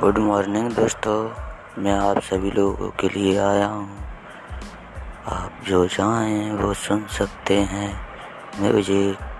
good morning दोस्तों मैं आप सभी लोगों के लिए आया हूँ आप जो चाहें वो सुन सकते हैं म्यूजिक